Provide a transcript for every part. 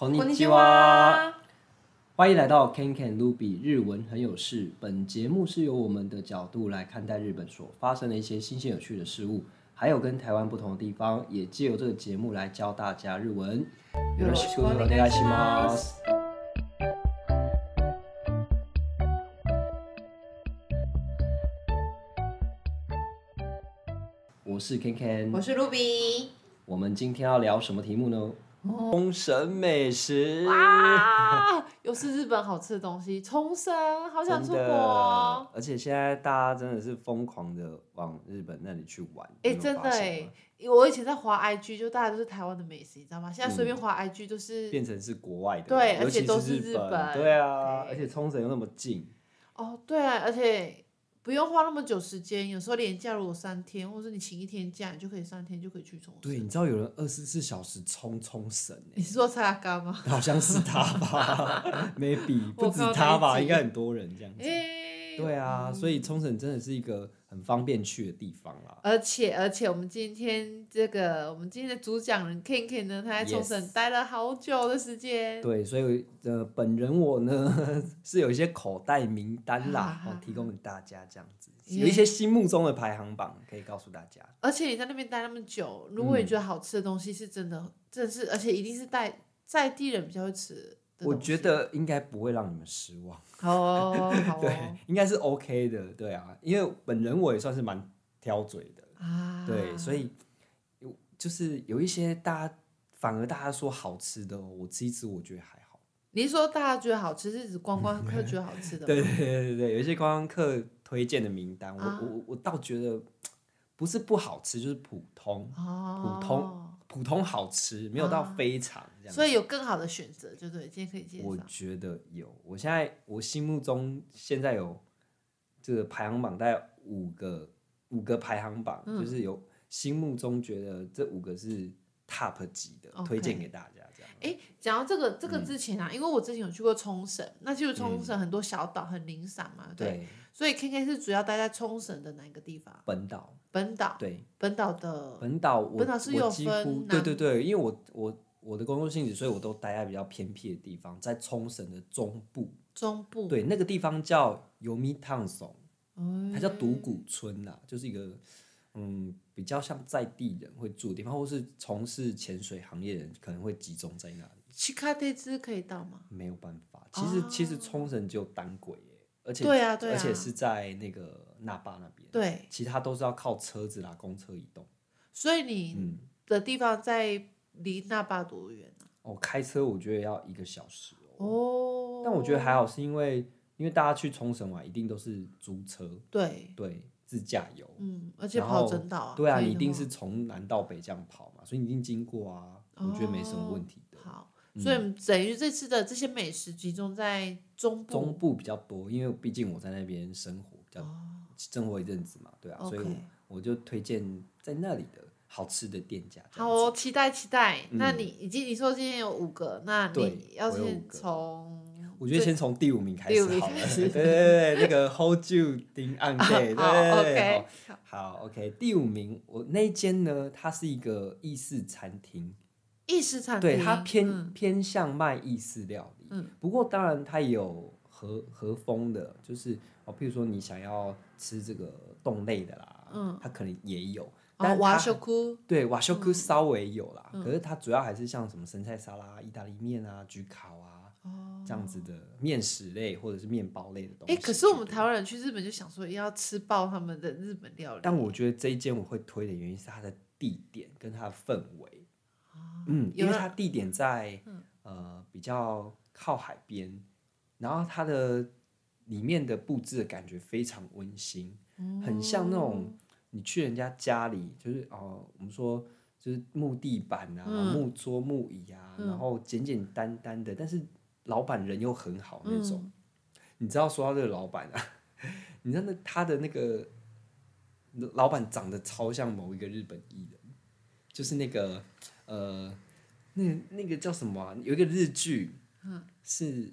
こんにちは，歡迎來到 KenKen Ruby 日文很有事。本節目是由我們的角度來看待日本所發生的一些新鮮有趣的事物，還有跟台灣不同的地方，也借由這個節目來教大家日文。よろしくお願いします。我是 KenKen，我是 Ruby，我們今天要聊什麼題目呢？沖、哦、繩美食啊，又是日本好吃的東西。沖繩好想出國的，而且現在大家真的是瘋狂的往日本那裡去玩。哎、欸，真的哎、欸，我以前在滑 IG 就大家都是台灣的美食，你知道嗎？現在隨便滑 IG 都是、嗯、變成是國外的，對，而且都是日本，對啊，對而且沖繩又那麼近。哦，對啊，而且。不用花那麼久時間，有時候連假如果三天，或者你請一天假你就可以三天，就可以去沖繩。對，你知道有人二十四小時沖沖繩？你是說蔡阿嘎嗎？好像是他吧 ，maybe 不止他吧，應該很多人這樣子。欸、對啊，嗯、所以沖繩真的是一個。很方便去的地方啦，而且而且我們今天這個我們今天的主講人 Kenken 呢，他在沖繩待了好久的時間。Yes. 對，所以呃，本人我呢是有一些口袋名單啦，啊、提供給大家這樣子，啊、有一些心目中的排行榜可以告訴大家。Yes. 而且你在那邊待那麼久，如果你覺得好吃的東西是真的，嗯、真的是，而且一定是帶在地人比較會吃。我覺得應該不會讓你們失望哦、oh, 對，oh, oh. 應該是 OK 的，對啊，因為本人我也算是蠻挑嘴的、ah. 對，所以有就是有一些大家反而大家說好吃的，我吃一吃，我覺得還好。你說大家覺得好吃是指觀光客覺得好吃的嗎？ 對對對，對有一些觀光，光客推薦的名單，ah. 我我我倒覺得不是不好吃，就是普通、oh. 普通普通好吃，沒有到非常。Ah. 所以有更好的選擇，就是今天可以介紹。我覺得有，我現在我心目中現在有這個排行榜，大概有五個五個排行榜，嗯，就是有心目中覺得這五個是 top 級的，okay，推薦給大家這樣。哎，欸，講到這個這個之前啊，嗯，因為我之前有去過沖繩，那就是沖繩很多小島，嗯，很零散嘛，對，對。所以 KK 是主要待在沖繩的哪一個地方？本島。本島。對。本島的。本島。本島是有分。我幾乎，對，對對對，因為我我。我的工作性質，所以我都待在比較偏僻的地方，在沖繩的中部。中部，對那個地方叫よみたんそん，它叫讀谷村吶、啊，就是一個嗯比較像在地人會住的地方，或是從事潛水行業的人可能會集中在那裡。ちかてつ可以到嗎？沒有辦法，其實、啊、其實沖繩只有單軌，而且對啊對啊，而且是在那個那霸那邊，對，其他都是要靠車子啦、公車移動。所以你的地方在、嗯。離那霸多遠？啊、哦，開車我覺得要一個小時哦。哦，但我覺得還好，是因為因為大家去沖繩玩一定都是租車，對對，自駕遊。嗯，而且跑整島，啊、對啊，你一定是從南到北這樣跑嘛，所以你一定經過啊、哦，我覺得沒什麼問題的。好，嗯、所以等於這次的這些美食集中在中部，中部比較多，因為畢竟我在那邊生活，比較生活一陣子嘛，對啊，哦、所以我就推薦在那裡的。好吃的店家，嗯、好、哦，期待期待。那你已經你說今天有五個，那你要先從，我，我覺得先從第五名開始好了。謝。對 那個 Hold You d i、okay, 啊、對對對，好 OK 好。Okay, 好 OK，第五名我那間呢，它是一個意式餐廳。意式餐廳，對，它偏、嗯、偏向賣意式料理、嗯，不過當然它有和和風的，就是哦，比如說你想要吃這個凍類的啦，嗯，它可能也有。瓦、哦、對和食稍微有啦、嗯，可是它主要還是像什麼生菜沙拉、意大利麵啊、焗烤啊、哦，這樣子的麵食類或者是麵包類的東西、欸。可是我們台灣人去日本就想說要吃爆他們的日本料理。但我覺得這一間我會推的原因是它的地點跟它的氛圍、哦。嗯，因為它地點在、嗯、呃比較靠海邊，然後它的裡面的布置的感覺非常溫馨、嗯，很像那種。你去人家家裡，就是哦、呃，我們說就是木地板啊，嗯、木桌木椅啊，嗯、然後簡簡單單的，但是老闆人又很好那種、嗯。你知道說到這個老闆啊，你知道那他的那個老闆長得超像某一個日本藝人，就是那個呃，那個、那個叫什麼、啊？有一個日劇，是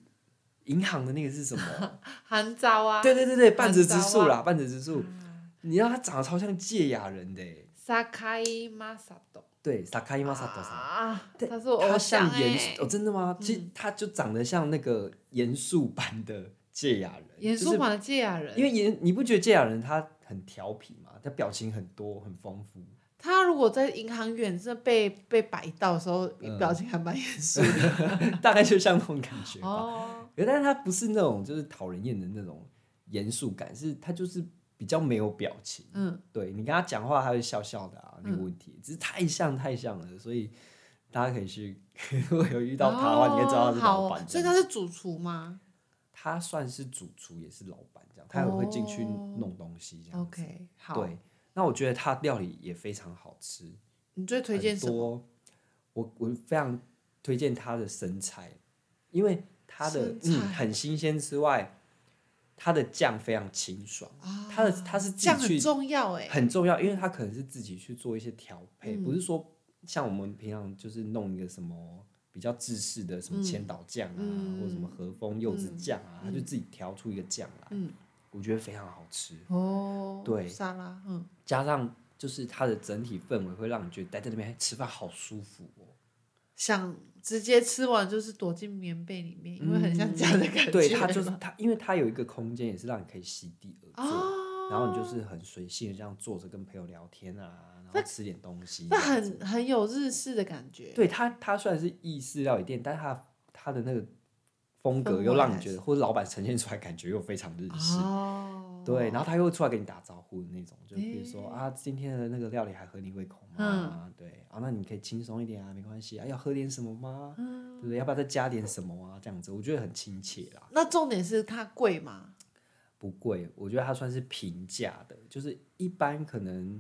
銀行的那個是什麼、啊？韓 昭啊？對對對對，半澤直樹啦，啊、半澤直樹。嗯你知道他長得超像堺雅人的耶，的。薩卡伊瑪薩多。對，薩卡伊瑪薩多。啊，他是我偶像，他像嚴肅？哦，真的嗎？其實他就長得像那個嚴肅版的堺雅人，嗯就是。嚴肅版的堺雅人。因為嚴，你不覺得堺雅人他很調皮嗎？他表情很多，很豐富。他如果在銀行員，真的被被擺到的時候，嗯、表情還蠻嚴肅的， 大概就像那種感覺吧。哦。可但是他不是那種就是討人厭的那種嚴肅感，是他就是。比較沒有表情，嗯、對，你跟他講話，他會笑笑的啊，沒有問題，嗯，只是太像太像了，所以大家可以去，如果有遇到他的話，哦、你會知道他是老闆，哦，所以他是主廚嗎？他算是主廚，也是老闆這樣，他也會進去弄東西 OK，、哦、對，那我覺得他料理也非常好吃。你最推薦什麼？很多，我我非常推薦他的生菜，因為他的嗯很新鮮之外。它的醬非常清爽，哦、它的它是醬很重要哎、欸，很重要，因為它可能是自己去做一些調配、嗯，不是說像我們平常就是弄一個什麼比較制式的什麼千島醬啊、嗯，或者什麼和風柚子醬啊、嗯，它就自己調出一個醬來、啊嗯，我覺得非常好吃哦、嗯，對，沙拉，嗯，加上就是它的整體氛圍會讓你覺得待在那邊吃飯好舒服哦，像。直接吃完就是躲進棉被裡面，因為很像家的感覺、嗯。對，它就是它，因為它有一個空間，也是讓你可以席地而坐、哦，然後你就是很隨性的這樣坐着跟朋友聊天啊，然後吃點東西，他很很有日式的感覺。對它，它雖然是意式料理店，但是它它的那個。風格又讓你覺得，或者老闆呈現出來的感覺又非常日式、哦，對，然後他又會出來給你打招呼的那種，就比如說、欸、啊，今天的那個料理還合你胃口嗎？嗯、對，啊，那你可以輕鬆一點啊，沒關係，啊。要喝點什麼嗎？對、嗯、不對？要不要再加點什麼啊？這樣子，我覺得很親切啊。那重點是它貴嗎？不貴，我覺得它算是平價的，就是一般可能。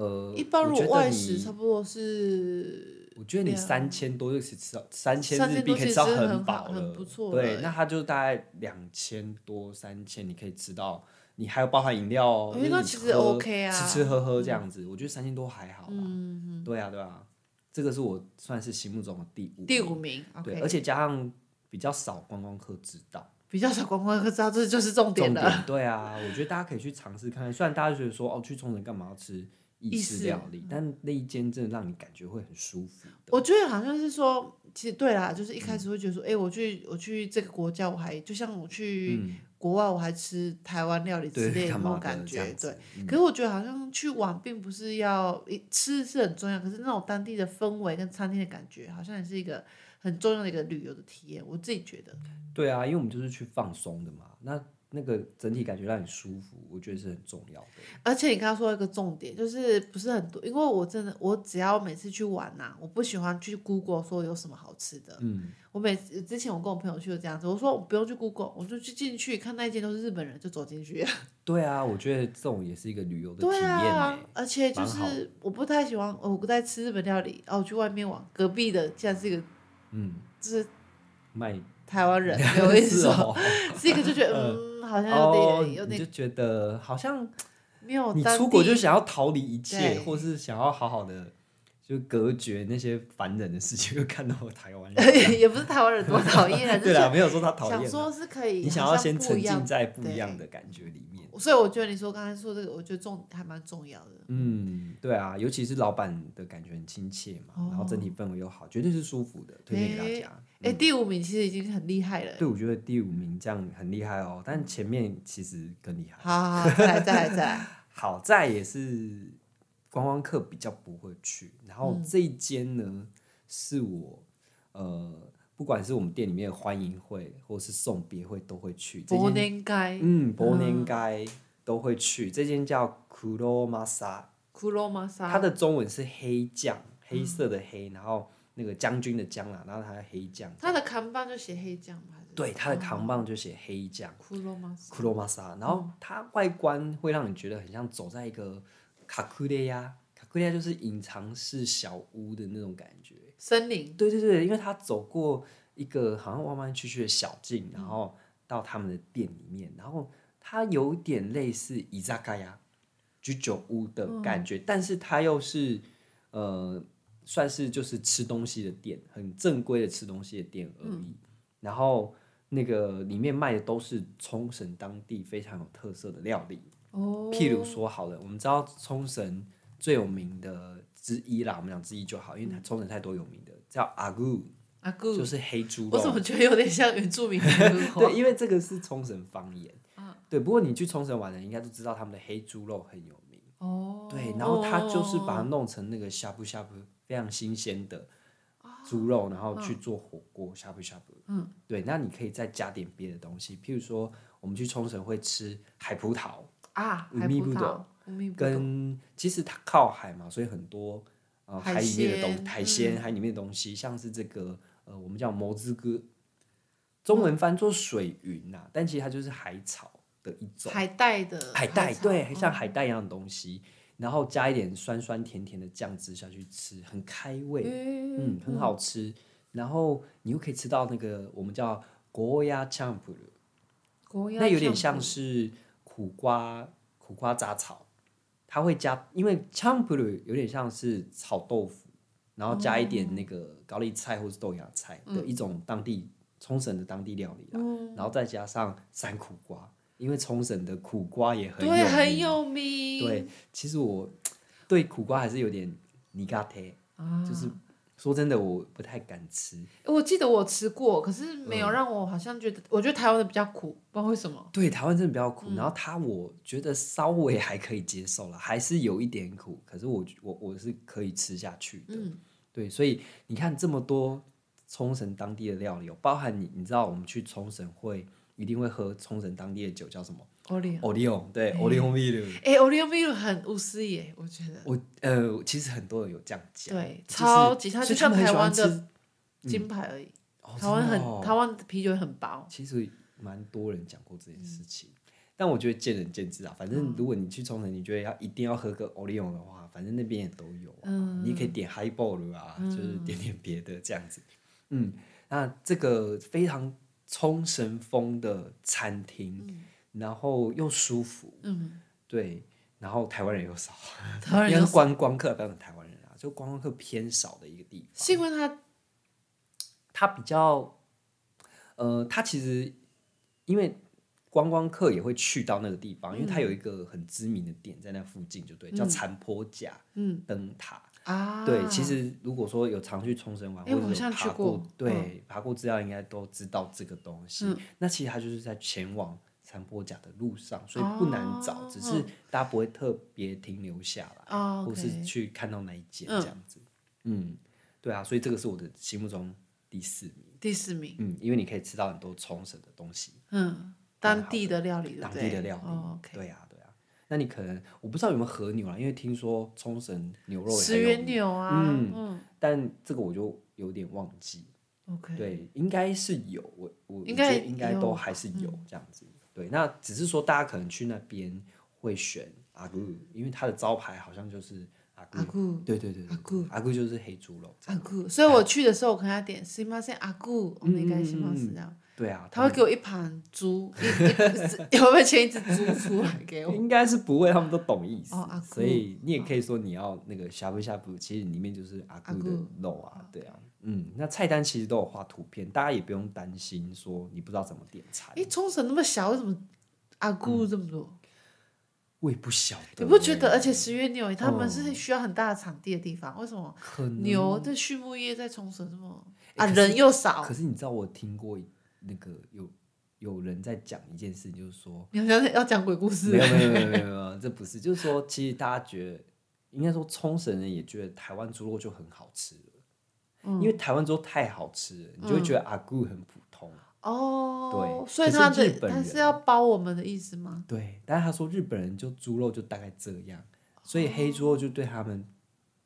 呃，一般若外食差不多是，我覺得你三千多就吃吃到三千日幣可以吃到很飽，了。不錯。對，那它就大概兩千多三千，你可以吃到，你還有包含飲料哦、嗯。那其實 OK 啊，吃吃喝喝這樣子，嗯、我覺得三千多還好啦。嗯哼對啊對啊，這個是我算是心目中的第五名第五名、okay。對，而且加上比較少觀光客知道，比較少觀光客知道，這就是重點了對啊，我覺得大家可以去嘗試看,看，雖然大家覺得說哦，去沖繩幹嘛要吃？意式料理、嗯，但那一間真的讓你感覺會很舒服。我覺得好像是說，其實對啦，就是一開始會覺得說，哎、嗯欸，我去我去這個國家，我還就像我去國外，我還吃台灣料理之類的，那、嗯、種感覺。對、嗯，可是我覺得好像去玩並不是要吃是很重要，可是那種當地的氛圍跟餐廳的感覺，好像也是一個很重要的一個旅遊的體驗。我自己覺得、嗯，對啊，因為我們就是去放鬆的嘛。那。那個整體感覺讓你舒服，我覺得是很重要。而且你剛剛說一個重點，就是不是很多，因為我真的，我只要每次去玩吶、啊，我不喜歡去 Google 說有什麼好吃的。嗯，我每次之前我跟我朋友去就這樣子，我說我不用去 Google，我就去進去看那一間都是日本人，就走進去。對啊，我覺得這種也是一個旅遊的體驗、欸啊。而且就是我不太喜歡，我不太吃日本料理，哦、啊，我去外面往隔壁的竟然是一個，嗯，就是賣台灣人我跟你說，這 是、哦、 個就覺得嗯。 哦，oh, 你就覺得好像沒有你出國就想要逃離一切，或是想要好好的。就隔絕那些煩人的事情，又看到台灣人， 也不是台灣人多討厭，對啊，沒有說他討厭，想說是可以，你想要先沉浸在不一樣的感覺裡面，所以我覺得你說剛才說這個，我覺得重還蠻重要的，嗯，對啊，尤其是老板的感覺很親切嘛，然後整體氛圍又好，絕對是舒服的，推薦給大家。哎，第五名其實已經很厲害了。欸，對，我覺得第五名這樣很厲害哦，但前面其實更厲害。嗯，好，好，再 再來，再來，好在也是。觀光客比較不會去，然後這一間呢、嗯、是我呃，不管是我們店裡面的歡迎會或是送別會都會去。博年街，嗯，博年街都會去。這間叫 Kuromasa，Kuromasa，Kuro 它的中文是黑將，黑色的黑，嗯、然後那個將軍的將啊，然後它黑將。他的扛棒就寫黑將，對，他的扛棒就寫黑將。Oh, Kuromasa，Kuromasa 然後它外觀會讓你覺得很像走在一個。卡庫利亞，卡庫利亞就是隱藏式小屋的那種感覺，森林。對對對，因為他走過一個好像彎彎曲曲的小徑，嗯，然後到他們的店裡面，然後它有點類似伊扎卡呀居酒屋的感覺，嗯，但是它又是呃，算是就是吃東西的店，很正規的吃東西的店而已。嗯，然後那個裡面賣的都是沖繩當地非常有特色的料理。譬如說，好了，我們知道沖繩最有名的之一啦，我們講之一就好，因為沖繩太多有名的，叫阿古阿古，就是黑豬肉。我怎麼覺得有點像原住民？ 對，因為這個是沖繩方言。嗯、uh,。對，不過你去沖繩玩的人應該都知道，他們的黑豬肉很有名。哦、uh,。對，然後他就是把它弄成那個 shabu shabu 非常新鮮的豬肉，然後去做火鍋 shabu shabu 嗯。Uh, um, 對，那你可以再加點別的東西，譬如說，我們去沖繩會吃海葡萄。啊，還不到。跟其實它靠海嘛，所以很多、呃、海，海裡面的東西，海鮮、嗯、海裡面的東西，像是這個呃我們叫摩之哥，中文翻做水雲、啊嗯、但其實它就是海草的一種，海帶的海帶，對，哦、像海帶一樣的東西，然後加一點酸酸甜甜的醬汁下去吃，很開胃嗯嗯，嗯，很好吃。然後你又可以吃到那個我們叫國鴨醬普魯，國鴨那有點像是。苦瓜，苦瓜雜炒，它會加，因為 champuru 有點像是炒豆腐，然後加一點那個高麗菜或是豆芽菜的一種當地沖繩、嗯、的當地料理啦，嗯、然後再加上山苦瓜，因為沖繩的苦瓜也很有、很有名，對，其實我對苦瓜還是有點尼嘎忒，就是。說真的，我不太敢吃。我記得我吃過，可是沒有讓我好像覺得，嗯、我覺得台灣的比較苦，不知道為什麼。對，台灣真的比較苦。嗯、然後它，我覺得稍微還可以接受了，還是有一點苦。可是我，我我是可以吃下去的、嗯。對，所以你看這麼多沖繩當地的料理，有包含你，你知道我們去沖繩會一定會喝沖繩當地的酒，叫什麼？奧利奧，對，奧利奧啤酒。哎、欸，奧利奧啤酒很無私耶，我覺得。我、哦、呃、欸哦哦哦，其實很多人有這樣講。對，超級，就是、他就像台灣的金牌而已。嗯哦、台灣很，的哦、台灣的啤酒很薄。其實蠻多人講過這件事情、嗯，但我覺得見仁見智啊。反正如果你去沖繩，你覺得要一定要喝個奧利奧的話，反正那邊也都有、啊嗯、你可以點 High Ball 啊、嗯，就是點點別的這樣子。嗯，那這個非常沖繩風的餐廳。嗯然後又舒服，嗯，對，然後台灣人又少，又少 因為觀光客不要講台灣人啊，就觀光客偏少的一個地方。是因為他他比較，呃，他其實因為觀光客也會去到那個地方，嗯、因為他有一個很知名的點在那附近，就對、嗯，叫殘波岬、嗯，燈塔啊，對，其實如果說有常去沖繩玩，欸、或者我為我爬過，對，嗯、爬過資料應該都知道這個東西、嗯，那其實他就是在前往。殘波岬的路上，所以不難找，oh, 只是大家不會特別停留下來，oh, okay. 或是去看到哪一間這樣子嗯。嗯，對啊，所以這個是我的心目中第四名。第四名。嗯，因為你可以吃到很多沖繩的東西。嗯，當地的料理。當地的料理。對,對,啊,、oh, okay. 對啊，對啊。那你可能我不知道有沒有和牛啊，因為聽說沖繩牛肉也有。石垣牛啊嗯。嗯。但這個我就有點忘記。Okay. 對，應該是有。我我應該應該都還是有這樣子。那只是說，大家可能去那邊會選阿古，因為他的招牌好像就是阿古對，對對對，阿古阿古就是黑豬肉。阿古，所以我去的時候，我看他點西馬斯阿古，我們應該西馬是這樣。對啊，他會給我一盤豬，有沒有牽一只豬出來給我？ 應該是不會，他們都懂意思、哦。所以你也可以說你要那個呷哺呷哺，其實裡面就是阿姑的肉啊，對啊，嗯。那菜單其實都有畫圖片、啊，大家也不用擔心說你不知道怎麼點菜。誒、欸，沖繩那麼小，為什麼阿姑這麼多？嗯、我也不曉得。你不覺得？而且十月牛，他們是需要很大的場地的地方，嗯、為什麼？牛的畜牧業在沖繩這麼啊、欸，人又少。可是你知道我聽過一。那個有有人在講一件事，就是說你要講要講鬼故事，沒有沒有沒有沒有，這不是，就是說其實大家覺得應該說沖繩人也覺得台灣豬肉就很好吃了，嗯、因為台灣豬太好吃了，你就會覺得阿古很普通哦、嗯，對，所以他是他是要包我們的意思嗎？對，但是他說日本人就豬肉就大概這樣，所以黑豬肉就對他們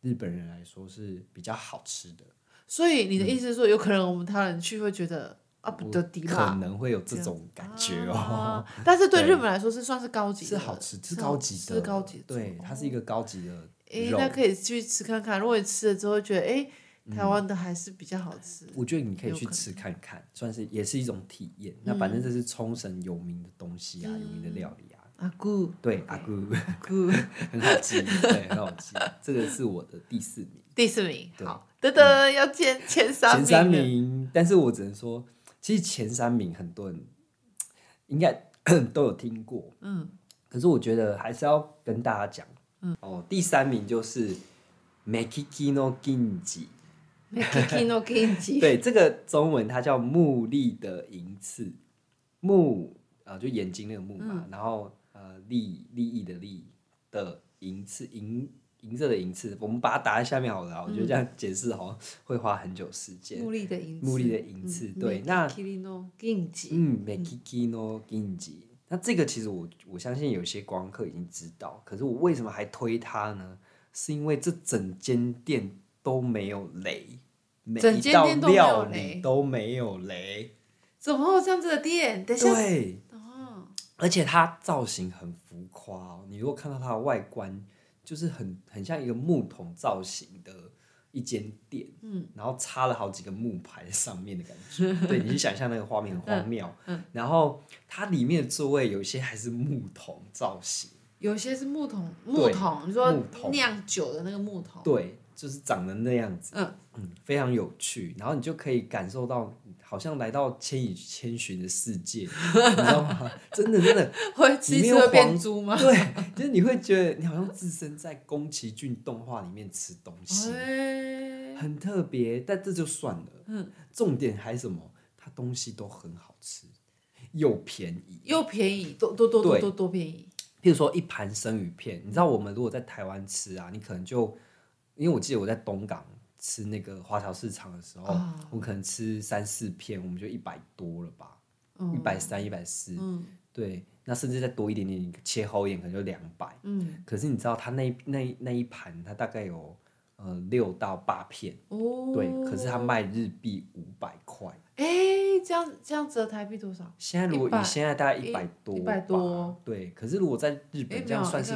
日本人來說是比較好吃的，所以你的意思是說，嗯、有可能我們他人去會覺得。啊，不得的可能會有這種感覺哦、喔啊。但是對日本來說是算是高級的，是好吃，是高級的，是，是高級的。對、哦，它是一個高級的。哎、欸，那可以去吃看看。如果你吃了之後覺得，哎、欸、嗯，台灣的還是比較好吃。我覺得你可以去，可去吃看看，算是也是一種體驗、嗯。那反正這是沖繩有名的東西啊、嗯，有名的料理啊。阿、啊、姑，對阿、啊、姑，啊、姑 很好吃，對很好吃。 這個是我的第四名，第四名。對好，得得、嗯、要前三名，前三名。但是我只能說。其實前三名很多人應該 都有聽過，嗯，可是我覺得還是要跟大家講、嗯，哦，第三名就是 Mekiki no Ginji，Mekiki no Ginji，對，這個中文它叫目利的銀次，目啊、呃、就眼睛那個目嘛、嗯，然後呃利利益的利的銀次銀。銀色的銀次，我們把它打在下面好了、嗯。我覺得這樣解釋好像會花很久時間。目利き的銀，目利き的銀次、嗯、刺。對，那 Kino m、嗯嗯、那這個其實我我相信有些光客已經知道，可是我為什麼還推它呢？是因為這整間店都沒有雷，整間店都沒有都沒有雷。怎麼會這樣子的店？對、哦，而且它造型很浮誇、哦、你如果看到它的外觀。就是很很像一個木桶造型的一間店，嗯，然後插了好幾個木牌上面的感覺， 對，你想象那個畫面很荒謬，嗯，嗯，然後它裡面的座位有些還是木桶造型，有些是木桶，木桶，你說釀酒的那個木桶，木桶，對。就是長得那樣子，嗯，嗯，非常有趣。然後你就可以感受到，好像來到《千與千尋》的世界， 你知道嗎？真的真的會，你會變豬嗎？對，就是你會覺得你好像置身在宮崎駿動畫裡面吃東西， 很特別。但這就算了，嗯，重點還什麼？它東西都很好吃，又便宜，又便宜，都多都多，多多便宜。譬如說一盤生魚片，你知道我們如果在台灣吃啊，你可能就。因為我記得我在東港吃那個華僑市場的時候，Oh. 我可能吃三四片，我們就一百多了吧，一百三、一百四，對，那甚至再多一點點，切好一點，可能就兩百，嗯。可是你知道，他那那那一盤，他大概有。呃，六到八片、哦，對，可是他賣日幣五百塊。哎、欸，這樣這樣折台幣多少？現在如果以現在大概一百多、一、哦，吧。對。可是如果在日本這樣算是，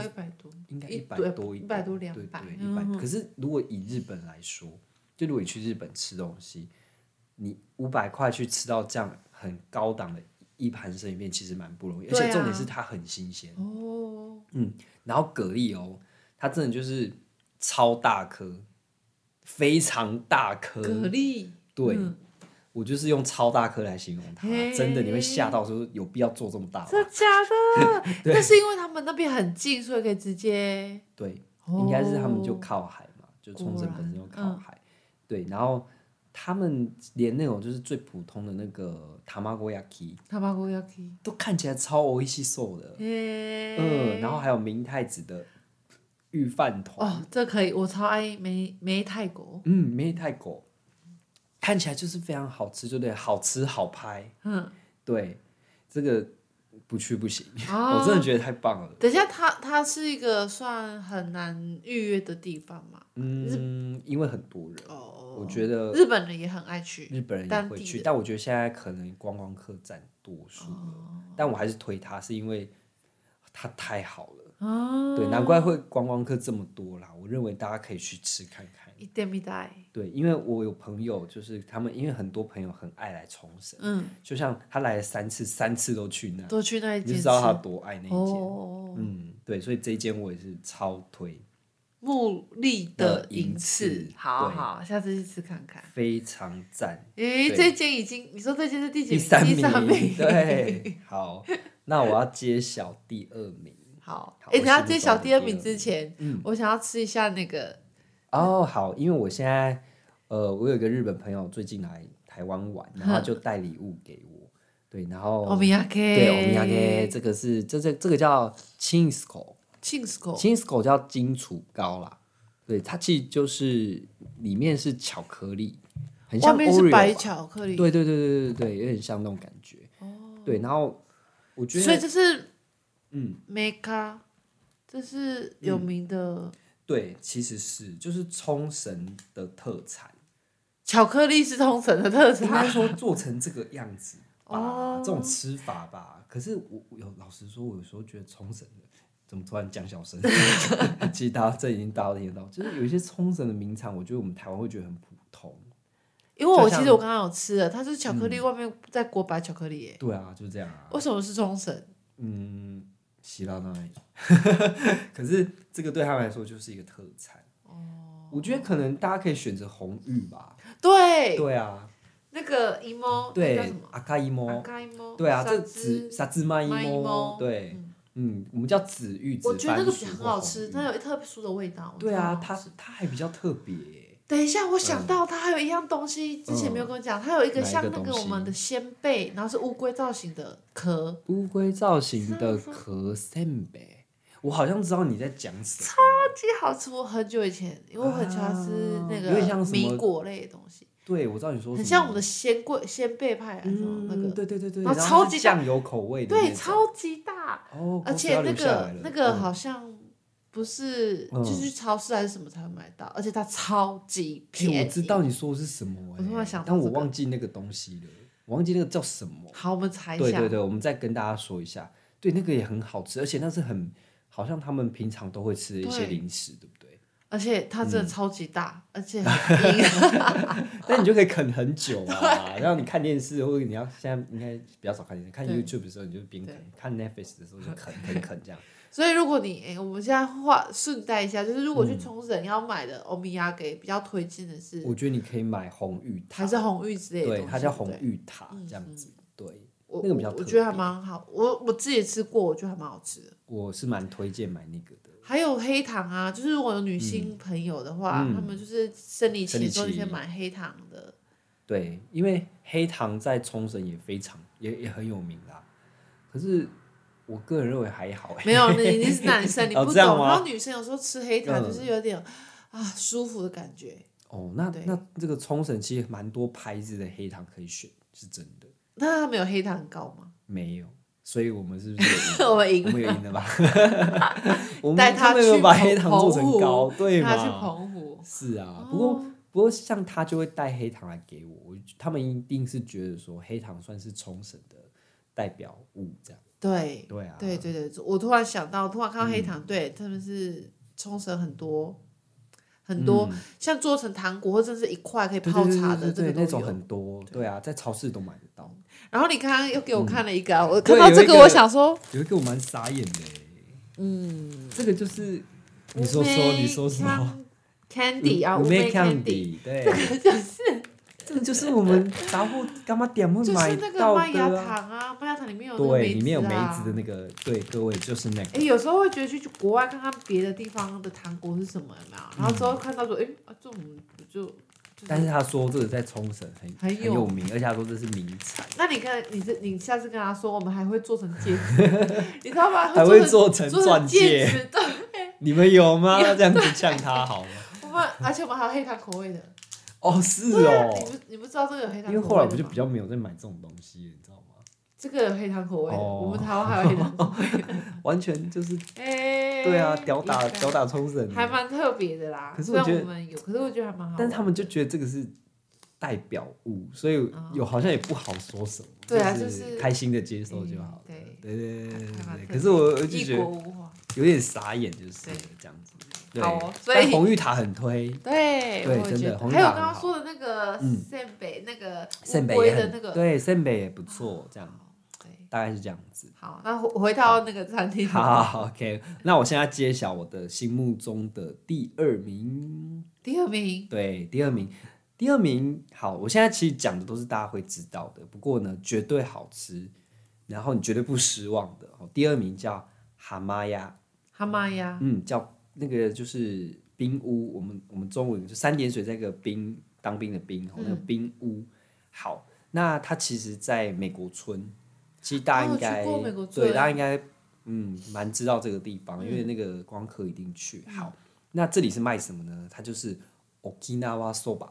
應該一百多，一百多兩百，一百、嗯。可是如果以日本來說，就如果你去日本吃東西，你五百塊去吃到這樣很高檔的一盤生魚片，其實蠻不容易、啊，而且重點是它很新鮮、哦。嗯，然後蛤蜊哦，它真的就是。超大顆，非常大顆，顆對、嗯，我就是用超大顆來形容它。欸、真的你會嚇到，說有必要做這麼大嗎？真、欸、的、欸、 假的？ 那是因為他們那邊很近，所以可以直接。對，哦、應該是他們就靠海嘛，就沖繩本身就靠海、嗯。對，然後他們連那種就是最普通的那個塔馬鍋 yaki，塔馬鍋 yaki 都看起來超美味しそう的，的、欸。嗯，然後還有明太子的。御飯糰哦，這可以，我超愛美梅泰國。嗯，美泰國看起來就是非常好吃，就對，好吃好拍。嗯，對，這個不去不行，啊，我真的覺得太棒了。等一下，它它是一個算很難預約的地方嘛？嗯，因為很多人。哦，我覺得日本人也很愛去，日本人也會去，但我覺得現在可能觀光客占多數，哦。但我還是推它，是因為它太好了。哦，對，難怪會觀光客這麼多啦。我認為大家可以去吃看看。一德米代，對，因為我有朋友，就是他們，因為很多朋友很愛來沖繩，嗯，就像他來了三次，三次都去那，都去那一間，你知道他多愛那間。哦，嗯，對，所以這間我也是超推。目利きの銀次，好好，好，下次去吃看看。非常贊。誒、欸，這間已經，你說這間是第幾名名？第三名。對，好， 那我要揭曉第二名。好，哎、欸，等下揭曉第二名之前，我想要吃一下那個、嗯。哦，好，因為我現在，呃，我有一個日本朋友最近來台灣玩，然後就帶禮物給我、嗯。對，然後，對，おみやげ這個是，這這個、這個叫 chinsukou，chinsukou 叫金楚糕啦。對，它其實就是裡面是巧克力，很像外面是白巧克力。對對對對對對，有點像那種感覺。哦、對，然後我覺得，所以就是。嗯，銘菓，這是有名的。嗯、對，其實是就是沖繩的特產，巧克力是沖繩的特產。他說做成這個樣子，哦，這種吃法吧。可是我有老實說，我有時候覺得沖繩的怎麼突然講小聲？ 其實大家這已經大家都聽得到，就是有一些沖繩的名產，我覺得我們台灣會覺得很普通。因為我，我其實我剛剛有吃的，它是巧克力外面再裹白巧克力、嗯、對啊，就是、這樣啊。為什麼是沖繩？嗯。希臘那裡，可是這個對他們來說就是一個特產。我覺得可能大家可以選擇紅芋吧，嗯。對對啊，那個芋對赤芋，赤芋赤芋赤芋赤芋對啊，這紫沙子曼一摸，對嗯，我們叫紫芋。我覺得那個皮很好吃，它有一特別熟的味道。對啊，它是它還比較特別，欸。等一下，我想到它還有一樣東西、嗯，之前沒有跟我講、嗯，它有一個像那個我們的仙貝，然後是烏龜造型的殼，烏龜造型的殼仙貝、嗯，我好像知道你在講什麼，超級好吃。我很久以前，因為我很喜歡吃那個，有點像米果類的東西、啊，對，我知道你說，很像我們的仙桂仙貝派來的、那個，嗯，那個，對對對對，然後超級大，對，超級大，級大而且那個、哦、那個好像。嗯不是，就是超市還是什麼才能買到？嗯、而且它超級便宜、欸。我知道你說的是什麼、欸，我沒有想到這個，但我忘記那個東西了。我忘記那個叫什麼。好，我們猜一下。對對對，我們再跟大家說一下。對，那個也很好吃，而且那是很，好像他們平常都會吃一些零食，對，對不對？而且它真的超級大，嗯、而且很硬。 但你就可以啃很久啊。然後你看電視，或者你要現在應該比較少看電視，看 YouTube 的時候你就邊啃，看 Netflix 的時候就啃 啃啃，啃這樣。所以，如果你、欸、我們現在話順帶一下，就是如果去沖繩要買的歐米亞給比較推薦的是、嗯，我覺得你可以買紅芋，還是紅芋之類的，對，它叫紅芋塔這樣子，嗯、對，我，我那個比較，我覺得還蠻好，我我自己吃過，我覺得還蠻好吃的，我是蠻推薦買那個的。還有黑糖啊，就是如果有女性朋友的話、嗯，他們就是生理期的時候買黑糖的，對，因為黑糖在沖繩也非常也也很有名啦，可是。我個人認為還好、欸，沒有，那一定是男生，你不懂。哦、嗎，然後女生有時候吃黑糖就是有點、嗯、啊舒服的感覺。哦，那對，那這個沖繩其實蠻多牌子的黑糖可以選，是真的。那他沒有黑糖糕嗎？沒有，所以我們是不是 我們贏？贏的吧？ 帶他去澎湖 我們他們有沒有把黑糖做成糕，對嗎？他去澎湖。是啊，不過、哦、不過像他就會帶黑糖來給我，我他們一定是覺得說黑糖算是沖繩的代表物這樣。對，對啊，對對對，我突然想到，突然看到黑糖，嗯、對，特別是沖繩很多很多、嗯，像做成糖果或者是一塊可以泡茶的，對對對對對這個對對對對那種很多對，對啊，在超市都買得到。然後你剛剛又給我看了一個，嗯、我看到這個，個，我想說，有一個我蠻傻眼的，嗯，這個就是你說說你說什麼 candy 啊，啊，candy，對， 這個就是。 這就是我們然後幹嘛點我們買到的啊？麥、就是、芽糖啊，麥芽糖裡面有、啊、對，裡面有梅子的那個，對，各位就是那個。哎、欸，有時候會覺得去國外看看別的地方的糖果是什麼，有沒有，沒、嗯、然後之後看到說，哎、欸，這種不就？但是他說這個在沖繩很很有，很有名，而且他說這是名產。那你看，你這你下次跟他說，我們還會做成戒指， 你知道嗎？會還會做成鑽戒 你們有嗎？ 這樣子嗆他好嗎？我 們對， 而且我們還有黑糖口味的。哦，是哦、啊你，你不知道這個有黑糖口味嗎？因為後來我就比較沒有在買這種東西，你知道嗎？這個有黑糖口味、哦、我們台灣還有黑糖口味 完全就是，欸、對啊，屌打屌、欸、打沖繩，還蠻特別的啦。可是我，覺得我們有，可是我覺得還蠻好。但是他們就覺得這個是代表物，所以有好像也不好說什麼，對啊，就是開心的接受就好了、嗯。對對對對對，可是我就覺得有點傻眼，就是這樣子。對好、哦，所以但紅芋塔很推，對，對我覺得對真的。還有剛剛說的那個，嗯，汕、那、北、個、那個，senbei 也很，對，s senbei 也不錯、啊。這樣，對，大概是這樣子。好，那回回到那個餐廳。好，OK 好。Okay, 那我現在揭曉我的心目中的第二名。 第二名，對，第二名，第二名。好，我現在其實講的都是大家會知道的，不過呢，絕對好吃，然後你絕對不失望的。哦，第二名叫浜屋，浜屋。嗯，叫。那個就是浜屋，我們我們中文就三點水這個浜，當兵的兵哦、嗯，那個浜屋。好，那它其實在美國村，其實大家應該對大家應該嗯蠻知道這個地方，因為那個光客一定去、嗯。好，那這裡是賣什麼呢？它就是 Okinawa soba，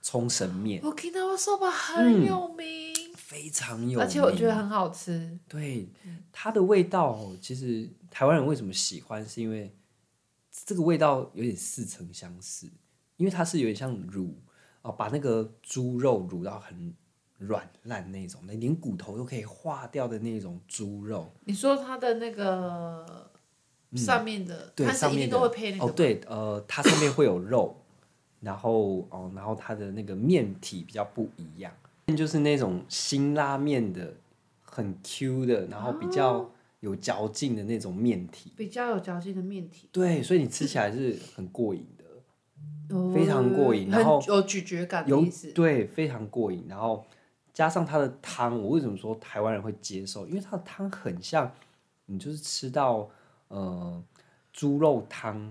沖繩麵。Okinawa soba 很有名、嗯，非常有名，而且我覺得很好吃。對，它的味道其實台灣人為什麼喜歡，是因為。這個味道有點似曾相識，因為它是有點像滷哦、呃，把那個豬肉滷到很軟爛那種，連骨頭都可以化掉的那種豬肉。你說它的那個上面的，嗯、對，它是一定都會配那個的？哦，對，呃，它上面會有肉，然後哦，然後它的那個麵體比較不一樣，就是那種辛拉麵的很 Q 的，然後比較，有嚼勁的那種麵體，比較有嚼勁的麵體，對，所以你吃起來是很過癮的，嗯，非常過癮，然後有咀嚼感，有對，非常過癮，然後加上它的湯，我為什麼說台灣人會接受？因為它的湯很像，你就是吃到呃豬肉湯，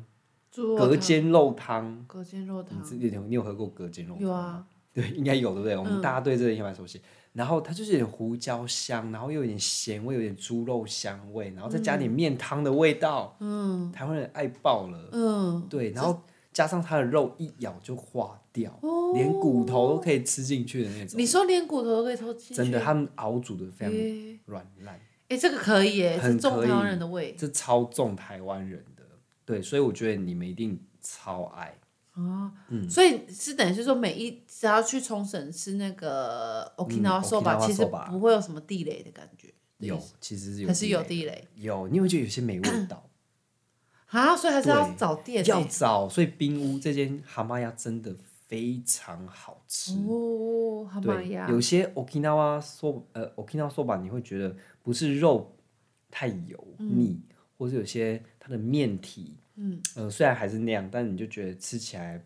隔間肉湯，隔間肉湯，你有你有喝過隔間肉湯嗎？有啊，對，應該有，對不對，嗯？我們大家對這個也蠻熟悉。然後它就是有點胡椒香，然後又有點鹹味，有點豬肉香味，然後再加點麵湯的味道。嗯，台灣人愛爆了。嗯，對，然後加上它的肉一咬就化掉，哦，連骨頭都可以吃進去的那種。你說連骨頭都可以吃進去？真的，他們熬煮的非常軟爛。哎，這個可以哎，很重台灣人的味，這超重台灣人的。對，所以我覺得你們一定超愛。啊，所以是等於是說，每一次要去沖繩吃那個 Okinawa Soba，其實不會有什麼地雷的感覺。有，其實有，還是有地雷。有，你會覺得有些沒味道啊，所以還是要找店，要找。所以浜屋這間蛤蟆鴨真的非常好吃哦，哦，哦哈。對，有些 Okinawa Soba 呃 Okinawa Soba，你會覺得不是肉太油膩，嗯，或者有些它的麵體嗯、呃、雖然還是那樣，但你就覺得吃起來，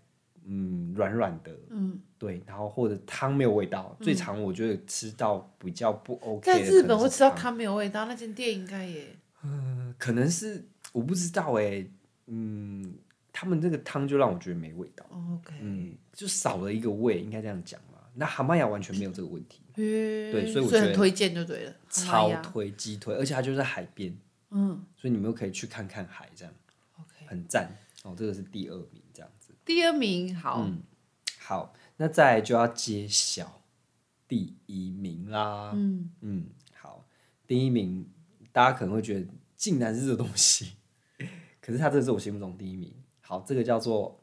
嗯，軟軟的，嗯，對。然後或者湯沒有味道、嗯，最常我覺得吃到比較不 OK。在日本，我吃到湯沒有味道，那間店應該也，嗯、呃，可能是我不知道哎、欸嗯，嗯，他們這個湯就讓我覺得沒味道、哦、OK，嗯，就少了一個味，應該這樣講嘛。那浜屋完全沒有這個問題，欸、對，所以我覺得以推薦就對了，超推，極推，而且它就在海邊，嗯，所以你們又可以去看看海，這樣。很讚哦，這個是第二名，這樣子。第二名，好，嗯、好，那再來就要揭曉第一名啦。嗯，嗯好，第一名，大家可能會覺得竟然是這個東西，可是它這個是我心目中第一名。好，這個叫做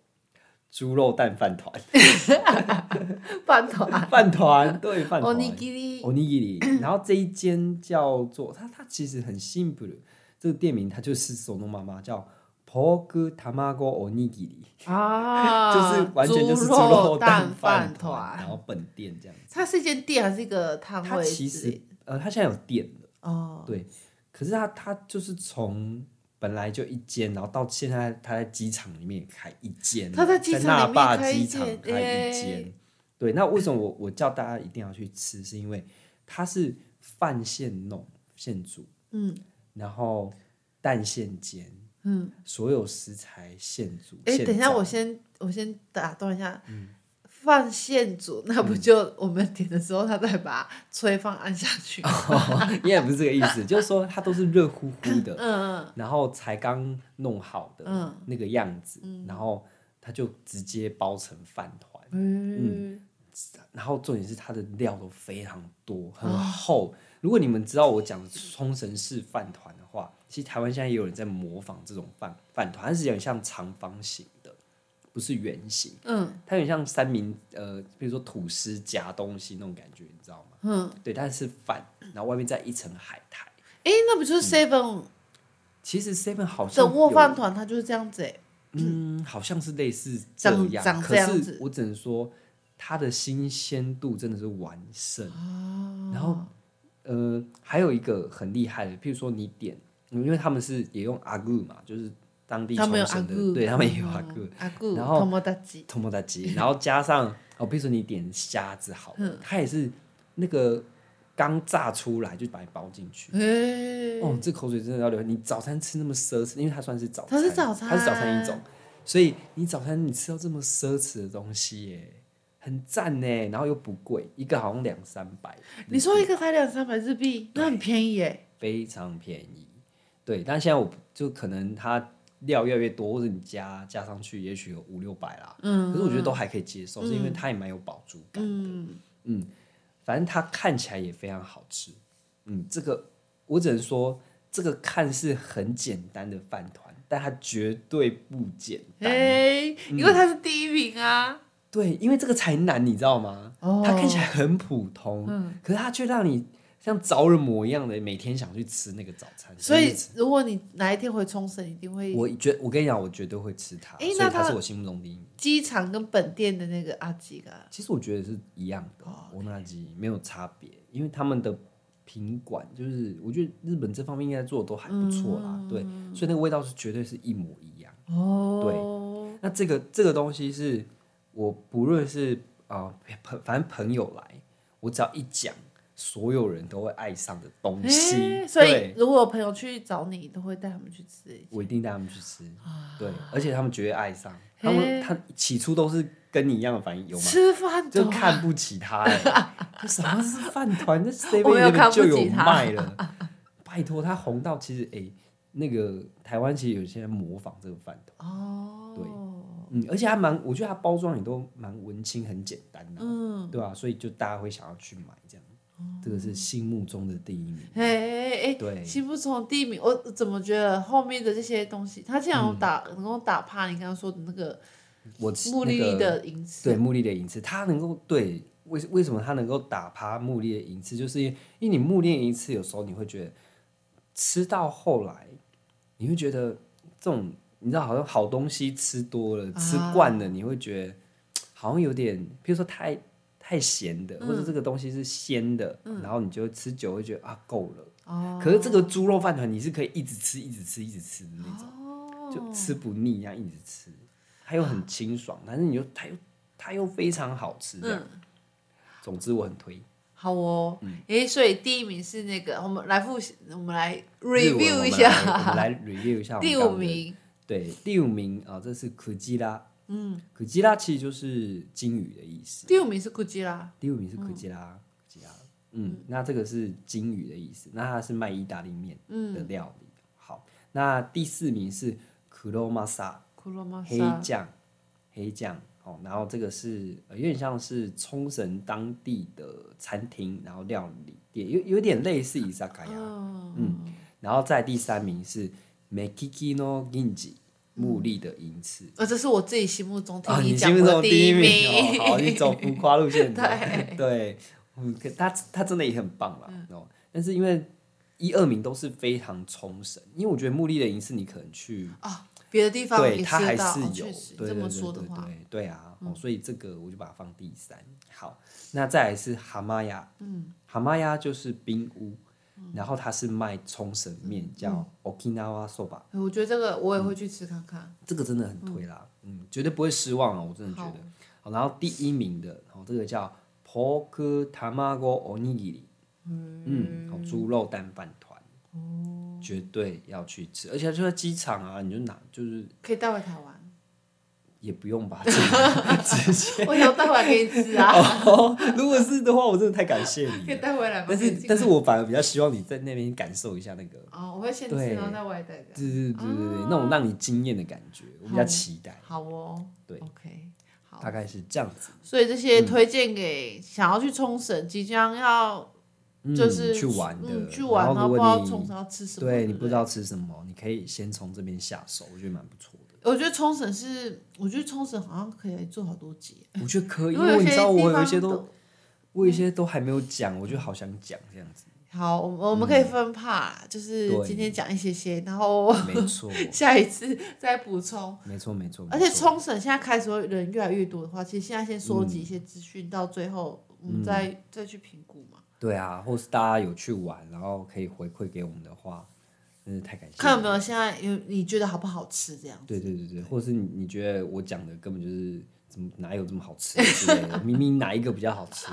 豬肉蛋飯糰，飯 糰飯糰，飯 糰，對，飯糰，おにぎり，おにぎり。然後這一間叫做它，它其實很シンプル，這個店名它就是そのまま叫。ポークたまごおにぎり啊， 就是完全就是豬肉蛋飯糰，啊，然後本店這樣子。它是一間店還是一個攤位？它其實呃，它現在有店了哦，對。可是它它就是從本來就一間，然後到現在它在機場裡面，開一、場裡面開一間，它在那霸、哎、機場開一間。對，那為什麼我我叫大家一定要去吃？是因為它是飯現弄現煮，嗯，然後蛋現煎。嗯，所有食材現煮。哎、欸，等一下我，我先我先打斷一下。嗯，放現煮，那不就我們點的時候，他、嗯、再把炊飯按下去？也、哦、應該不是這個意思， 就是說它都是熱乎乎的，嗯，然後才剛弄好的那個樣子，嗯、然後他就直接包成飯糰、嗯嗯。嗯，然後重點是它的料都非常多，很厚。嗯、如果你們知道我講的沖繩式飯團。話其實台灣現在也有人在模仿這種飯飯糰，它是有點像長方形的，不是圓形。嗯，它有點像三明呃，比如說吐司夾東西那種感覺，你知道嗎？嗯，對，但是飯，然後外面再一層海苔。哎、欸，那不就是 Seven？嗯、其實 Seven 好像手握飯團，它就是這樣子，欸。嗯，好像是類似這樣，這樣子，可是我只能說它的新鮮度真的是完勝。哦，然後。呃，還有一個很厲害的，譬如說你點，因為他們是也用阿古嘛，就是當地傳承的，他對他們也有阿古阿古，然後湯姆達吉然後加上 哦，譬如說你點蝦子好了，好、嗯，它也是那個剛炸出來就把你包進去嘿，哦，這口水真的要流。你早餐吃那麼奢侈，因為它算是早餐，它是早餐，它是早餐一種，所以你早餐你吃到這麼奢侈的東西耶。很讚呢，然後又不貴，一個好像兩三百。你說一個才兩三百日幣，那很便宜耶，非常便宜。對，但是現在我就可能它料越來越多，或者你加加上去，也許有五六百啦。嗯，可是我覺得都還可以接受，嗯、是因為它也蠻有飽足感的嗯。嗯，反正它看起來也非常好吃。嗯，這個我只能說，這個看似很簡單的飯糰，但它絕對不簡單，嗯、因為它是第一名啊。對，因為這個才難，你知道嗎？它看起來很普通，哦嗯、可是它卻讓你像着了魔一樣的每天想去吃那個早餐。所以，如果你哪一天回沖繩，一定會。我覺得我跟你講，我絕對會吃它、欸、它。所以它是我心目中的第一名。機場跟本店的那個阿吉咖、啊，其實我覺得是一樣的，烏、哦、阿、okay 哦、吉沒有差別，因為他們的品管就是我覺得日本這方面應該做的都還不錯啦、嗯。對，所以那個味道是絕對是一模一樣。哦，對，那這個這個東西是。我不論是啊、朋、呃，反正朋友來，我只要一講，所有人都會愛上的東西。欸，對。所以如果朋友去找你，都會帶他們去吃。我一定帶他們去吃。對，啊，而且他們絕對愛上。欸、他們他起初都是跟你一樣的反應，有嗎？吃飯團就看不起他。哎。 什麼是飯糰？那誰沒有看就有賣了？ 拜托，他紅到其實。哎、欸，那個台灣其實有些人模仿這個飯團哦。對。嗯，而且它蠻，我覺得它包裝也都蠻文青，很簡單的、啊，嗯，對吧、啊？所以就大家會想要去買這樣，嗯、這個是心目中的第一名。哎哎哎，對，心目中的第一名，我怎麼覺得後面的這些東西，它竟然有打，嗯、能夠打趴你剛剛說的那個目利きの銀次、那個。對，目利きの銀次，它能夠對，為為什麼它能夠打趴目利きの銀次，就是因為，因為你木練一次，有時候你會覺得吃到後來，你會覺得這種。你知道，好像好東西吃多了、吃慣了，你會覺得、uh -huh. 好像有點，比如說太太鹹的，uh -huh. 或者這個東西是鮮的，uh -huh. 然後你就吃久會覺得啊夠了。Uh -huh. 可是這個豬肉飯糰，你是可以一直吃、一直吃、一直吃的那種，uh -huh. 就吃不膩、啊，一一直吃。它又很清爽，uh -huh. 但是你又它又它又非常好吃，的、uh -huh.。總之，我很推。Uh -huh. 嗯、好哦。嗯、欸。所以第一名是那個，我們來複習，我們來 review 一下，我們來，我們來 review 一下我們剛剛的第五名。對，第五名啊、哦，這是可吉拉，嗯，可吉拉其實就是鯨魚的意思。第五名是可吉拉，第五名是可吉拉，吉、嗯、拉、嗯，嗯，那這個是鯨魚的意思，那它是賣意大利麵的料理、嗯。好，那第四名是 Kuromasa，Kuromasa 黑將，黑將哦，然後這個是有點像是沖繩當地的餐廳，然後料理店，有有點類似居酒屋，嗯，然後在第三名是 Mekiki no Ginji。目利的銀次，這是我自己心目中聽你目中第一名，哦，第一名 哦，好，你走浮誇路線，對嗯，他他真的也很棒啦，嗯哦。但是因為一二名都是非常沖繩，因為我覺得目利的銀次你可能去別，哦，的地方，對他還是有，哦，對對對，對對對，對啊，嗯哦，所以這個我就把它放第三，好，那再來是浜屋，哈浜屋就是冰屋。然後他是賣沖繩麵，叫 Okinawa soba。我覺得這個我也會去吃看看，嗯、這個真的很推啦，嗯，嗯絕對不會失望啊、喔，我真的覺得。然後第一名的，好、喔，這個叫 Pork Tamago Onigiri，嗯豬、嗯、肉蛋飯糰，哦、嗯，絕對要去吃，而且就在機場啊，你就拿，就是可以帶回台灣。也不用吧， 直接我有帶回來可以吃啊。 Oh, 如果是的話，我真的太感謝你。可以帶回來嗎？但是，但是我反而比較希望你在那邊感受一下那個。哦，我會先吃，然後再外帶。對對對對對、啊，那種讓你驚豔的感覺，我比較期待。好,好哦，對，OK，好，大概是這樣子。所以這些推薦給想要去沖繩、即將要就是、嗯、去玩的，嗯、去玩啊，然後然後不知道沖繩要吃什麼對不對？對，你不知道吃什麼，你可以先從這邊下手，我覺得蠻不錯的。我覺得沖繩是，我覺得沖繩好像可以做好多集。我覺得可以，因為你知道，我有一些都，我有一些都還沒有講、嗯，我就好想講這樣子。好，我們可以分派、嗯，就是今天講一些些，然後，沒錯，下一次再補充。沒錯沒錯，而且沖繩現在開始人越來越多的話，其實現在先蒐集一些資訊、嗯，到最後我們再、嗯、再去評估嘛。對啊，或是大家有去玩，然後可以回饋給我們的話。真太感謝看有沒有現在有你覺得好不好吃這樣子？對對對對，或者是你你覺得我講的根本就是怎麼哪有這麼好吃之類的， 明明哪一個比較好吃？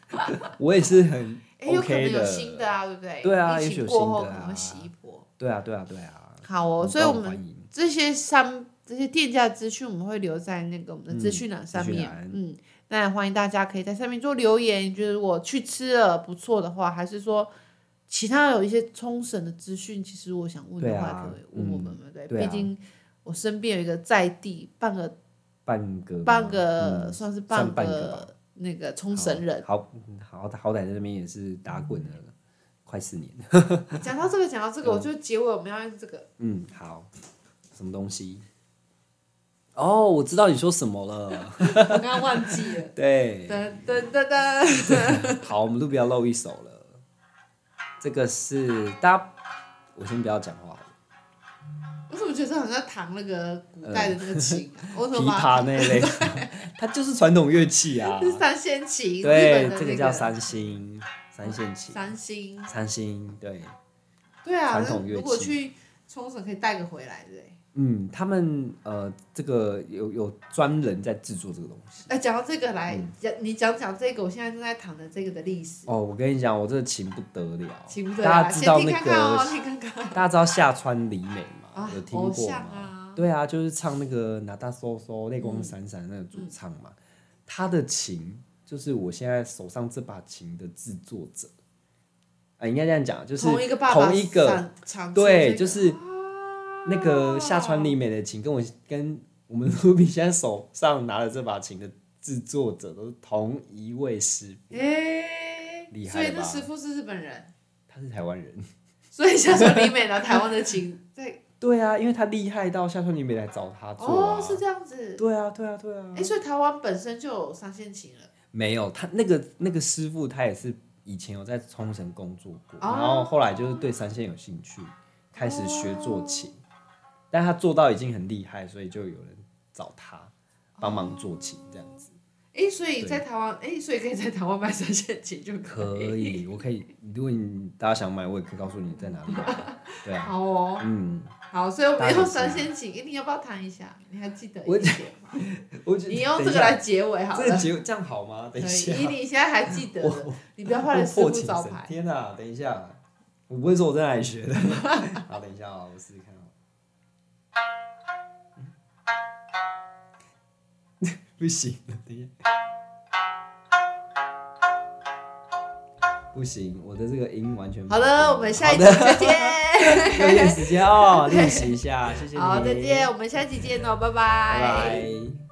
我也是很，okay 的。哎，欸，有可能有新的啊，對不對？對啊，也許有新的啊洗衣服對，啊對啊，對啊，對啊。好哦，很很所以我們這些商這些店家的資訊我們會留在那個我們的資訊欄上面，嗯，嗯那也歡迎大家可以在上面做留言，覺、就、得、是、我去吃了不錯的話，還是說。其他有一些沖繩的資訊，其實我想問的話可以問我們，對不、啊、對？畢、嗯啊、竟我身邊有一個在地半個、半個、半個,半個、嗯，算是半個,半個那個沖繩人。好好好,好歹在那邊也是打滾了、嗯、快四年。講 到這個，講到這個、嗯，我就結尾我們要用這個。嗯，好，什麼東西？哦、oh,，我知道你說什麼了， 我剛剛忘記了。對，噔噔噔噔。 好，我們都不要露一手了。這個是大家，我先不要講話。我怎麼覺得好像彈那個古代的那個琴，啊？琵，呃、琶那一類， 它就是傳統樂器啊。 是三線對，那個，這個叫三星三線琴。三星三星，對。對啊，如果去沖繩可以帶個回來，對嗯，他們呃，這個有有專人在制作這個東西。哎、欸，講到這個來，講、嗯、你講講這個，我現在正在躺着這個的歷史。哦，我跟你講，我這個琴不得了,不得了，大家知道那個，看看喔、看看大家知道夏川裡美嗎、啊？有聽過嗎、哦啊？對啊，就是唱那個《Nada So So》淚光閃閃那個主唱嘛，嗯嗯、他的琴就是我現在手上這把琴的制作者。啊，應該這樣講，就是同一個爸,爸一個對、這個，就是。那個夏川裡美的琴跟我，跟我跟我們 Ruby 現在手上拿的這把琴的制作者都是同一位師傅，厲、欸、厲害了。所以那師傅是日本人，他是台灣人。所以夏川裡美拿台灣的琴對 對啊，因為他厲害到夏川裡美來找他做、啊。哦，是這樣子。對啊，對啊，對啊。哎、欸，所以台灣本身就有三線琴了。沒有，他那個那個師傅，他也是以前有在沖繩工作過、哦，然後後來就是對三線有興趣，開始學做琴。哦但他做到，已經很厲害，所以就有人找他幫忙做琴這樣子。哎、欸，所以在台灣，哎、欸，所以可以在台灣賣三弦琴就可以。可以 我可以。如果你大家想買，我也可以告訴你在哪裡買。對啊。 好哦。嗯。好，所以我們用三弦琴試試，一定要不要彈一下。你還記得一點我，我一你用這個來結尾好，好、這、的、個。結這樣好嗎？等一下。以你現在還記得，你不要畫了。破招牌。天哪、啊，等一下，我不會說我在哪裡學的。 好，等一下啊，我試試看。 不行了，等一下 不行，我的這個音完全不不不。好了，我們下一期再見。利用 時間哦，練 習一下，謝謝。好，再見，我們下期見哦，拜拜。 bye bye